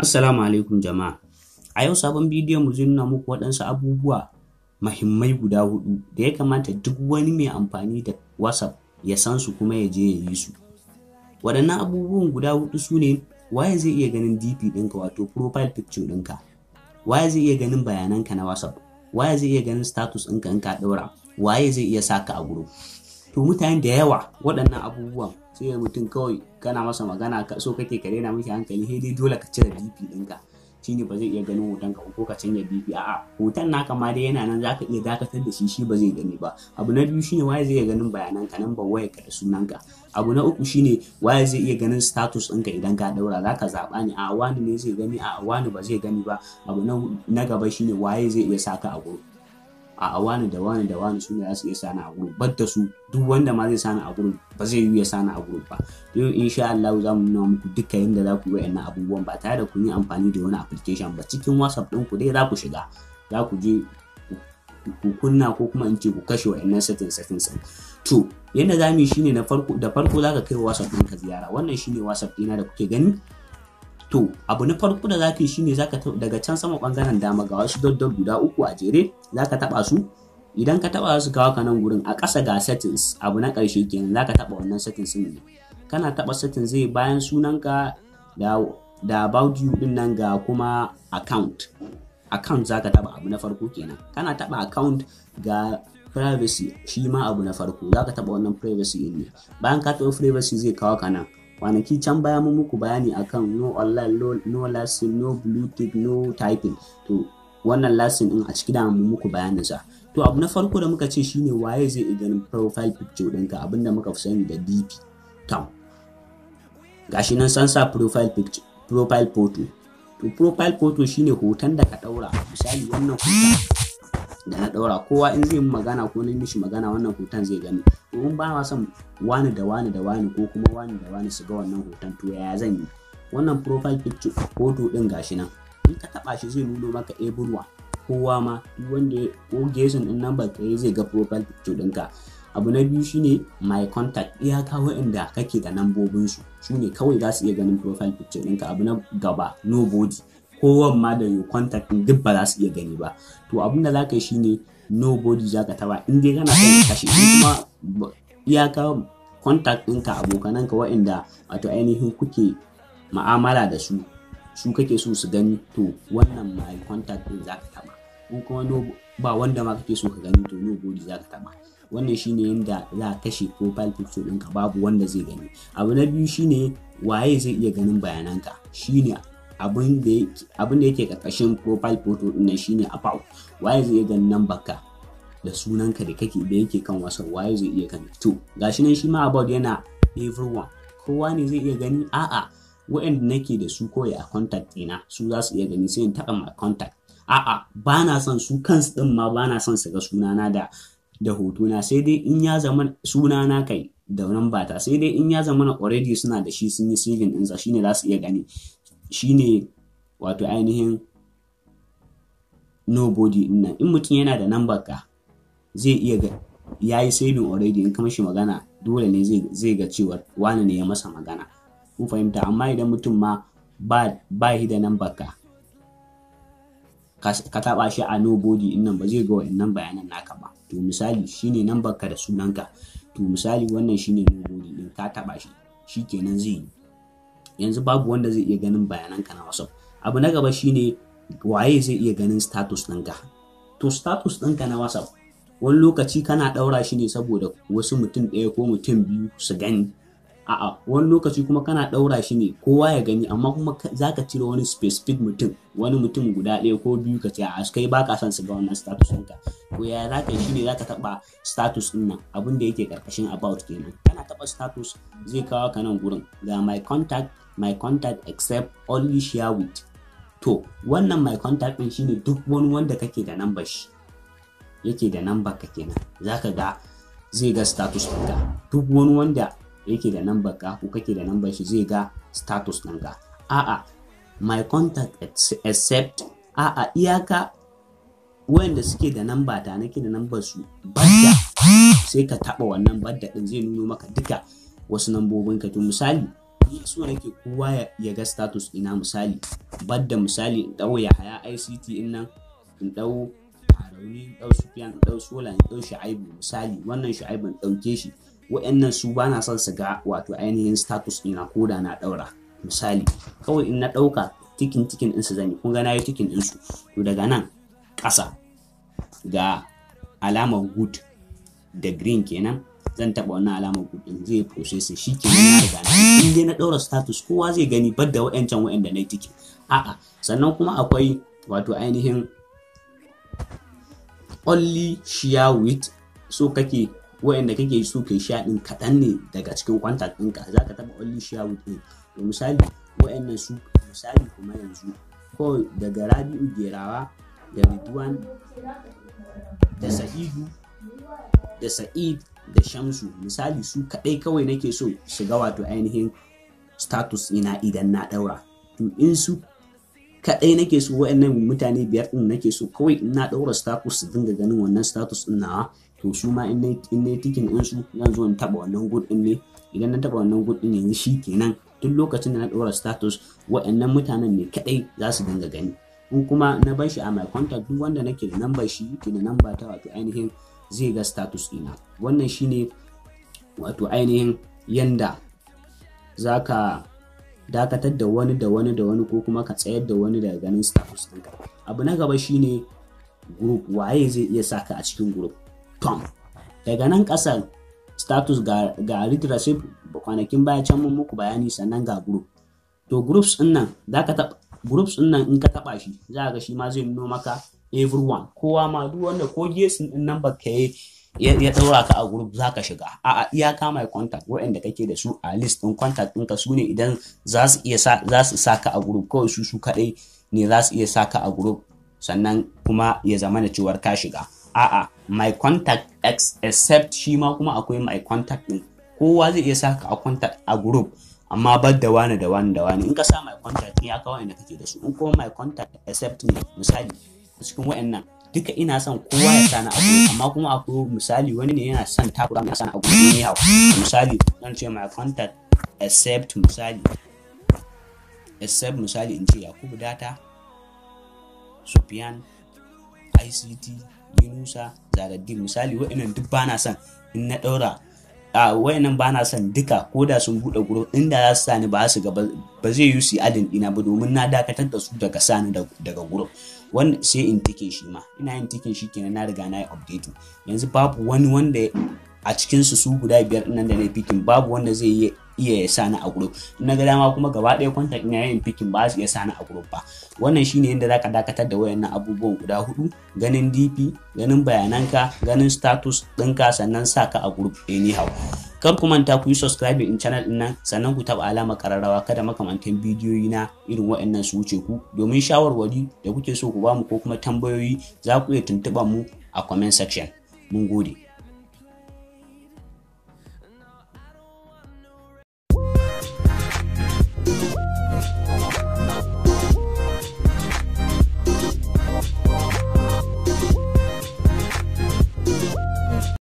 Assalamu alaikum jama'a. A yau sabon bidiyo mu zai nuna muku waɗansu abubuwa mahimmai guda hudu da ya kamata duk wani mai amfani da WhatsApp ya san su kuma ya je ya yi su. Waɗannan abubuwan guda hudu su ne waye zai iya ganin DP ɗinka wato profile picture ɗinka. Waye zai iya ganin bayananka na WhatsApp. Waye zai iya ganin status ɗinka in ka ɗaura. Waye zai iya saka a group. To mutane da yawa waɗannan abubuwan sai mutum kawai kana masa magana so kake ka daina mishi hankali sai dai dole ka cire bp ɗinka shine ba zai iya ganin hoton ka ko ka canja bp a'a hoton naka ma dai yana nan zaka iya dakatar da shi shi ba zai gani ba abu na biyu shine waye zai iya ganin bayanan ka nan ba waye ka da sunan ka abu na uku shine waye zai iya ganin status ɗinka idan ka daura zaka zaba ne a wani ne zai gani a wani ba zai gani ba abu na gaba shine waye zai iya saka a gurbi a wani da wani da wani su ne za su iya sani a group bar da su duk wanda ma zai sani a group ba zai yi ya sani a group ba don insha Allah za mu nuna muku duka yadda za ku yi wa'annan abubuwan ba tare da kun yi amfani da wani application ba cikin WhatsApp ɗinku ku dai za ku shiga za ku je ku kunna ko kuma in ce ku kashe wa'annan settings settings to yadda za mu yi shine na farko da farko za ka kai WhatsApp ɗinka ziyara wannan shine WhatsApp ɗina da kuke gani to abu na farko da zaka yi shine zaka daga can sama bangaren dama ga wasu doddon guda uku a jere zaka taba su idan ka taba su kawo ka nan gurin a ƙasa ga settings abu na ƙarshe kenan zaka taba wannan settings din ne kana taba settings zai bayan sunanka da da about you din nan ga kuma account account zaka taba abu na farko kenan kana taba account ga privacy shi ma abu na farko zaka taba wannan privacy din ne bayan ka taba privacy zai kawo ka nan kwanaki can baya mun muku bayani akan no online no lesson no bluetooth no typing to wannan lesson din a cikin da mun muku bayanin sa to abu na farko da muka ce shine waye zai iya ganin profile picture ɗinka abinda muka fi sani da dp tam gashi nan san sa profile picture profile photo to profile photo shine hoton da ka ɗaura misali wannan hoton da na ɗaura kowa in zai magana ko na mishi magana wannan hoton zai gani domin ba ma son wani da wani da wani ko kuma wani da wani su ga wannan hoton to yaya zan yi wannan profile picture hoto ɗin gashi nan in ka taɓa shi zai nuno maka eburwa kowa ma duk wanda ya ko gesun ɗin nan ka yi zai ga profile picture ɗinka abu na biyu shine my contact iyaka waɗanda kake da nambobinsu su ne kawai za su iya ganin profile picture ɗinka abu na gaba nobody kowan ma da you contact duk ba za su iya gani ba to abin da za ka yi shine nobody za ka taba in dai kana son kashe shi kuma iyaka contact ɗinka abokananka waɗanda wato ainihin kuke ma'amala da su su kake so su gani to wannan ma contact ɗin za ka taba in kuma ba wanda ma kake so ka gani to nobody za ka taba wannan shine yadda za a kashe profile picture ɗinka babu wanda zai gani abu na biyu shine waye zai iya ganin bayananka shine abin da yake ƙarƙashin profile photo din shi shine about waye zai iya ganin number ka da sunanka da kake da yake kan wasan waye zai iya gani to gashi nan shi ma about yana everyone kowa ne zai iya gani a'a wa'anda nake da su kawai a contact ɗina su za su iya gani sai in taɓa my contact a'a ba na son su kansu ɗin ma ba na son su ga sunana da da hotona sai dai in ya zama sunana kai da nan bata sai dai in ya zama na already suna da shi sun yi saving ɗinsa shine za su iya gani Shi ne wato ainihin nobody din nan in mutum yana da number ka zai iya ga ya yi saving already in kama shi magana dole ne zai ga cewa wani ne ya masa magana ku fahimta amma idan mutum ma ba shi da number ka ka taba shi a nobody in nan ba zai ga wa'annan bayanan naka ba to misali shine number ka da sunanka to misali wannan shine nobody din ka taba shi shikenan zai yi yanzu babu wanda zai iya ganin bayanan ka na whatsapp abu na gaba shine waye zai iya ganin status ɗinka to status ɗinka na whatsapp wani lokaci kana ɗaura shi ne saboda wasu mutum ɗaya ko mutum biyu su gani a'a wani lokaci kuma kana ɗaura shi ne kowa ya gani amma kuma za ka cire wani specific mutum wani mutum guda ɗaya ko biyu ka ce a kai baka son su ga wannan status ɗinka ko yaya za ka yi shi ne za ka taɓa status ɗin nan abin da yake ƙarƙashin about kenan whatever status zai kawo ka nan gurin ga my contact my contact except only share with to wannan my contact din shine duk wani wanda kake da number shi yake da number ka kenan zaka ga zai ga status ɗinka duk wani wanda yake da number ka ko kake da number shi zai ga status ɗinka a'a my contact except a'a iyaka wanda suke da number ta nake da number su ba sai ka taɓa wannan badda ɗin zai nuno maka duka wasu nambobin ka to misali so nake kowa ya ga status ina misali badda misali in dau ya haya ICT in nan in ɗau Harauni in ɗau Sufyan in ɗau Sola in ɗau Shaibu misali wannan Shaibu in ɗauke shi wayannan su bana son su ga wato ainihin status ina ko da na ɗaura misali kawai in na ɗauka tikin tikin din zan yi kun ga na yi din su to daga nan ƙasa ga alamar good da green kenan zan taba wannan alamar kudin zai processing shi ke nan riga na in dai na ɗaura status kowa zai gani bar da waɗancan waɗanda na tike a'a sannan kuma akwai wato ainihin only share with so kake da kake so kai sha ɗin kaɗan ne daga cikin contact ɗinka za ka taɓa only share with ɗin to misali waɗannan su misali kuma yanzu ko daga rabi'u gerawa da ridwan da sahihu da sa'id da shamsu misali su kaɗai kawai nake so shiga wato ainihin status ina idan na ɗaura to in su kaɗai nake so wa'annan mutane biyar ɗin nake so kawai in na ɗaura status su dinga ganin wannan status ɗin nawa to su ma in na tikin ɗin su zan zo in taɓa wannan good ɗin ne idan na taɓa wannan good ɗin yanzu shi kenan duk lokacin da na ɗaura status wa'annan mutanen ne kaɗai za su dinga gani in kuma na bar shi a my contact duk wanda nake da number shi yake da number ta wato ainihin zai ga status ina wannan shine wato ainihin yanda za ka dakatar da wani da wani da wani ko kuma ka tsayar da wani daga ganin status ɗinka abu na gaba shine group waye zai iya sa saka a cikin group tom daga nan ƙasar status ga, ga leadership kwanakin baya can mun muku bayani sannan ga group to groups ɗin nan in ka taɓa shi za ga shi ma zai nuno maka everyone kowa ma duk wanda ko gesin din nan baka yi ya ɗaura ka a group za ka shiga a iyaka mai contact waɗanda kake da su a list ɗin contact ɗinka su ne idan za su iya za su saka a group kawai su su kaɗai ne za su iya saka a group sannan kuma ya zama da cewar ka shiga a'a my contact except shi ma kuma akwai my contact ɗin kowa zai iya saka a contact a group amma bar da wani da wani da wani in ka sa my contact ya kawai da kake da su in kuma my contact except ne misali cikin wayannan duka ina son kowa ya sani abu amma kuma akwai misali wani ne yana son takura mai sani abu ne hau misali zan ce my contact except misali except misali in ce yakubu data sufiyan ict yunusa zaradin misali wa'annan duk bana son in na ɗaura a wayannan ba na son duka ko da sun bude guruf inda za su sani ba su ga ba zai yi su adin dina ba domin na dakatar da su daga sani daga guruf, wanda sai in tikin shi ma ina yin tikin shi kenan na riga na yi updating yanzu babu wani wanda a cikin su su guda biyar nan da na pikin babu wanda zai iya ya sani a group na ga dama kuma gaba ɗaya kwantar na yin pikin ba su iya sani a grup ba wannan shine yadda zaka dakatar da wayannan abubuwan guda hudu ganin dp ganin bayananka ganin status ɗinka sannan sa saka a ni anyhow kar kuma ta ku yi subscribe in channel din nan sannan ku taɓa alama kararrawa kada makamantan bidiyoyi na irin waɗannan su wuce ku domin shawarwari da kuke so ku bamu ko kuma tambayoyi za ku iya tuntuɓa mu a comment section mun gode